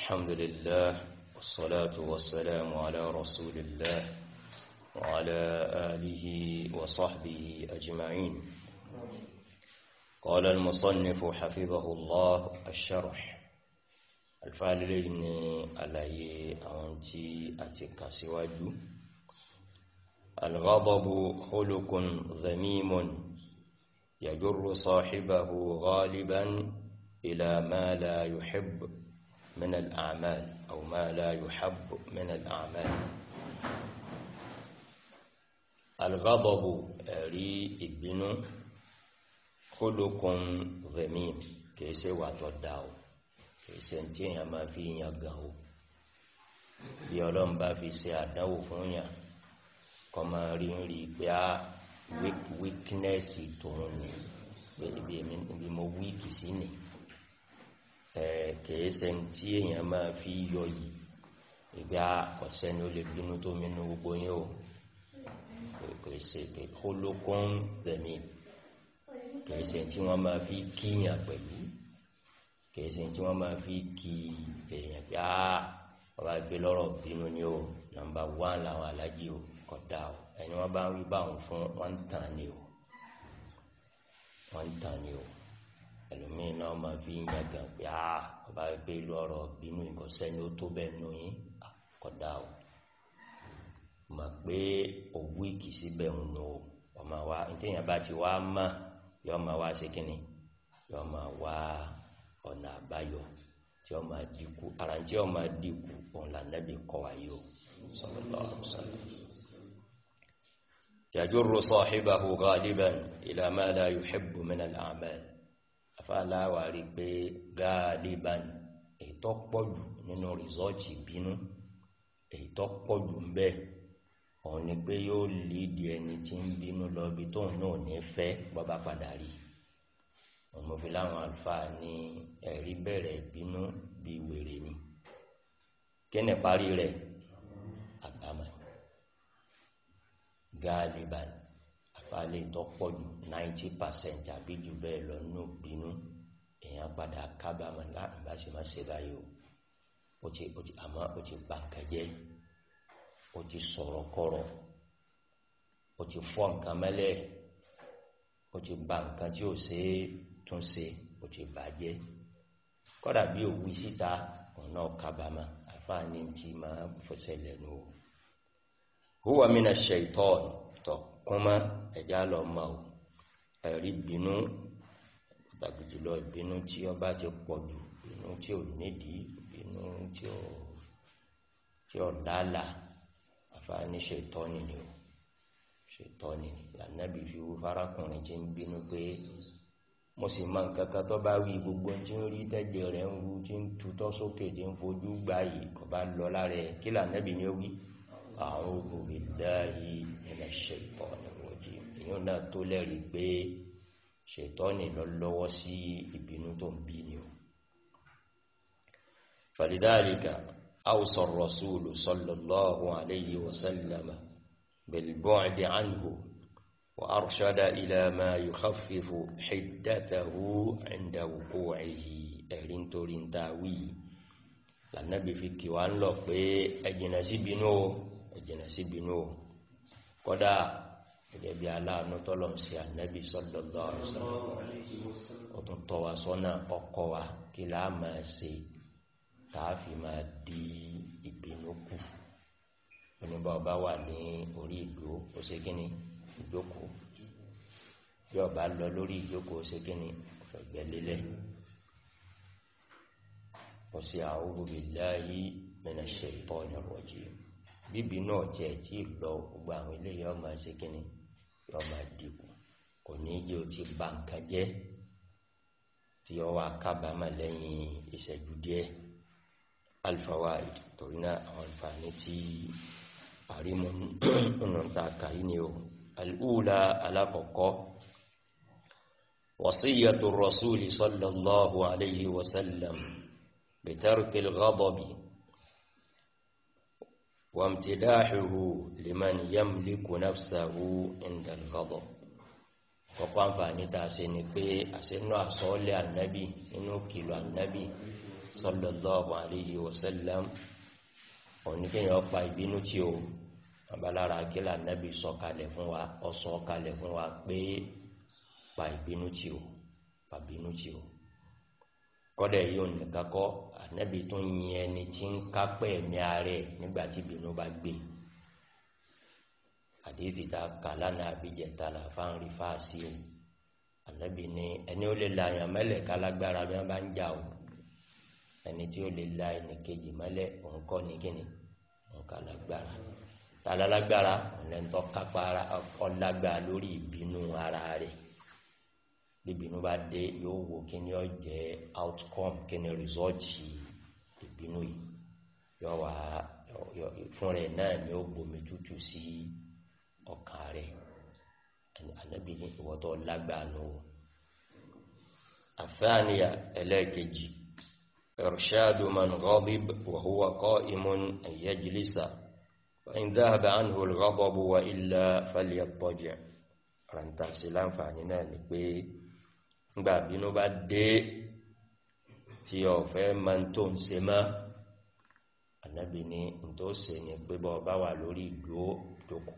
الحمد لله والصلاة والسلام على رسول الله وعلى آله وصحبه أجمعين قال المصنف حفظه الله الشرح الفعل لين علي أنتي أتك سواد الغضب خلق ذميم يجر صاحبه غالبا إلى ما لا يحب من الأعمال أو ما لا يحب من الأعمال الغضب ري ابن خلق ذميم كيس وتداو. كيسي انتين ما في يقهو bí ọlọ́run bá fi ṣe àdánwò fún yàn kọ́ máa rí ń rí pé á wíkínẹ́sì tòun ni ibi mo wíkì kìí ṣe tí èèyàn máa fi yọ yìí ìgbà ọ̀sẹ́ni ó lè bínú tó mínú gbogbo yín o kìí ṣe pé kólókún tẹ̀mí kìí ṣe tí wọ́n máa fi kíyàn pẹ̀lú kìí ṣe tí wọ́n máa fi kí èèyàn pé áá ọba gbé lọ́rọ̀ bínú ni o nàmbà wán làwọn alájí o kódà o ẹni wọ́n bá ń rí báwọn fún wọ́n ń tàn ni o wọ́n ń tàn ni o máa fi yàgàn pé a ọba gbé ìlú ọ̀rọ̀ bínú ìkọ̀sẹ́ni ó tó bẹ́ẹ̀ nù yín kódà o mọ̀ pé òwú ìkì síbẹ̀ ń nu o ọmọ wa téèyàn bá ti wá mọ̀ yọ ọmọ wa ṣe kínni yọ ọmọ wa ọ̀nà àbáyọ tí ọmọ dínkù ara tí ọmọ dínkù òun nẹ́bí kọ́ wa o sallallahu alaihi wasallam. يجر صاحبه غالبا إلى ما لا يحب من الأعمال àfàláwà rí pé gáàlíban ètò pọ̀jù nínú rìsọ́ọ̀tì ìbínú ètò pọ̀jù ń bẹ òun ni pé yóò lédi ẹni tí ń bínú lọ ibi tóun náà ní fẹ́ bọ́bá padà rí ọmọ fi láwọn àlùfáà ní ẹ̀rí bẹ̀rẹ̀ bínú bí wèrè ni kẹ́nẹ̀ parí rẹ̀ àbámọ̀ gáàlíban fàlẹ̀ tó pọ̀ jù 90% àbí jù bẹ́ẹ̀ lọ nù bínú èèyàn padà kábàámọ̀ láàbá ah, máa o ti o ti àmọ́ o ti bàǹkẹ́jẹ́ o ti sọ̀rọ̀ kọ̀rọ̀ o ti fọ́ nǹkan mẹ́lẹ̀ ti nǹkan o ṣe é tún ṣe o ti bàjẹ́ kódà bí òwú síta ọ̀nà tí máa o. huwa mina tọ́. kúnmọ́ ẹ̀já lọ mọ́ o ẹ̀rí bínú pàtàkì jùlọ ìbínú tí ọba ti pọ̀ jù ìbínú tí o nídìí binu tí ò tí ò lálà àfààní ṣètọ́ nìyí o ṣètọ́ nìyí lànàbí fi wo fárakùnrin tí ń bínú pé mo sì mọ nǹkan kan tó bá wí gbogbo tí ń rí tẹ́jẹ̀ rẹ̀ ń ru tí ń tutọ́ sókè tí ń fojú gbà yìí kò bá lọ lára ẹ̀ kí lànàbí ni ó wí a'udhu billahi minash shaitonir rajim èyàn náà tó lẹ́rìí pé ṣètọ́nì lọ lọ́wọ́ sí ìbínú tó ń bí ni o falidhalika awsa ar-rasulu sallallahu alayhi wa sallam bil-bu'd anhu وأرشد إلى ما يخفف حدته عند وقوعه ẹ̀rin torí ń ta wí lànàbí fi kì wá ń lọ pé ẹ̀jìnà sí bínú ẹ̀jìnà sí bínú o kọ́dà gẹ́gẹ́ bí aláàánú tọ́lọ̀ sí ànábì sọ́dọ̀gbà ọ̀sán ó tún tọ́ wa sọ́nà ọkọ wa kí láà máa ṣe tààfi máa di ìbínú kù oníbà ọba wà ní orí ìdúró ó ìjókòó bí ọba lọ lórí ìjókòó ó ṣe kí ni ọ̀fẹ̀gbẹ́ lélẹ̀ ó ṣe a'udhu billahi minash bíbí náà tiẹ̀ tí ì lọ gbogbo àwọn eléyìí ọmọ ṣe kínní ọmọ dìbò kò ní yí o ti ba nǹkan jẹ́ tí ọ wá kábàámọ̀ lẹ́yìn ìṣẹ́jú díẹ̀ alfawaid torí náà àwọn àǹfààní tí àrímú ọ̀nà ta kàí ni o al'ula alákọ̀ọ́kọ́ wasiyyatu rasuli sallallahu alayhi wa sallam bitarkil ghadabi وامتداحه لمن يملك نفسه عند الغضب kọ́kọ́ àǹfààní tá a ṣe ni pé àṣínú àsọ́ọ́lẹ̀ ànábì inú kìlọ̀ ànábì sallallahu alayhi wa sallam oníkéyàn ọpa ìbínú tí o abalára akílà ànábì sọ̀kalẹ̀ fún wa ọsọ̀kalẹ̀ fún wa pé pa ìbínú tí o pa ìbínú tí o kọ́dẹ̀ yóò nìkan kọ́ ànábì tó yin ẹni tí ń kápẹ́ ẹ̀mí ààrẹ nígbà tí ìbínú bá gbé àdéhìí ta kà lánàá àbíjẹta làfa ń rí fáàsì o ànábì ni ẹni ó lè la àyàn mẹ́lẹ̀ kálágbára bí wọ́n bá ń jà o ẹni tí ó lè la ẹnì kejì mẹ́lẹ̀ òun kọ́ kíni òun kálágbára ọ̀lẹ́ńtọ́ kápá ọlágbára lórí ìbínú ara rẹ̀ bíbínú bá dé yóò wo kí ni ó jẹ́ outcome kí ni result ìbínú yìí yóò wá fún rẹ̀ náà ni ó gbomi tútù sí ọkàn rẹ̀ ànábì ní ìwọ tó o àfáàníyà ẹlẹ́ẹ̀kejì irshadu man ghadib wa huwa qa'imun an yajlisa fa in dhahaba anhu al-ghadabu wa illa sí láǹfààní náà ni pé ngba bínú ba de t'i ọ̀fẹ́ ma ń tó se ma mọ́ ni n tó se ní pé bọ́ lori wà lórí ìlú jókòó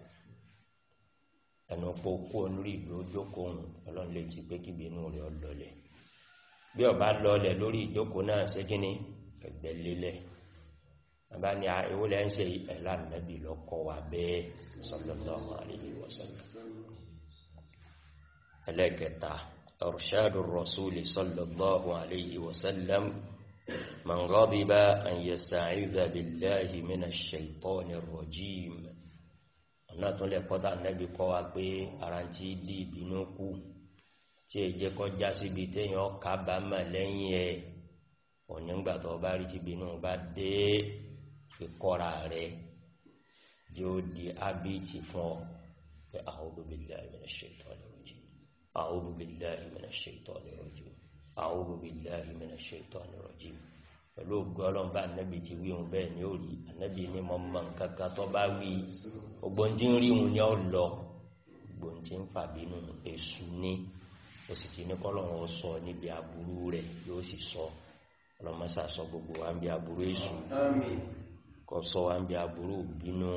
ẹnu pọ̀ kú ìlú jókòó òun ọlọ́run ti pé lọlẹ̀ bí ọba lọlẹ̀ lórí náà segini, ni ẹgbẹ́ lélẹ̀ bàbá ni ewu lẹ́ ń lọ́kọ́ wa bẹ́ẹ̀ sallallahu alaihi wasallam أرشاد الرسول صلى الله عليه وسلم من غضب أن يستعذ بالله من الشيطان الرجيم ọ̀nà tó lè kọ́ta nẹ́bí kọ́ wa pé ara ń tí dí ìbínú kú tí è jẹ́ kọjá síbi téèyàn kábàámà lẹ́yìn ẹ̀ ọ̀nìgbà tó bá rí tìbínú bá dé ìkọ́ra rẹ̀ yóò di ábíìtì fún ọ pé a'udhu billahi minash shaitani أعوذ بالله من الشيطان الرجيم أعوذ بالله من الشيطان الرجيم pẹ̀lú ògùn ọlọ́mbà ànábì ti wí òun bẹ́ẹ̀ ni ó rí ànábì ní mọ́ mọ́ nǹkan kan tó bá wí ògbóǹtí ń rí òun ni ó lọ ògbóǹtí ń fàbínú èṣù ní ó sì ti ní kọ́lọ́run ó sọ níbi aburú rẹ̀ yóò sì sọ ọlọ́mọṣà sọ gbogbo wa ń bi aburú èṣù kò sọ wa ń bi aburú bínú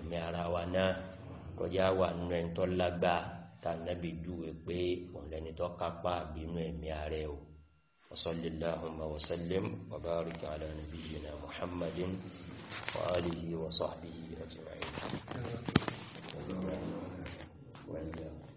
ẹ̀mí ara wa náà kọjá wà nínú ẹ̀ńtọ́ lágbàá tá nàbí júwe pé òun lẹni tó kápá àbínú ẹ̀mí ààrẹ o wasallillahumma wasallim wa barika ala nabiyyina muhammadin wa alihi wa sahbihi ajma'in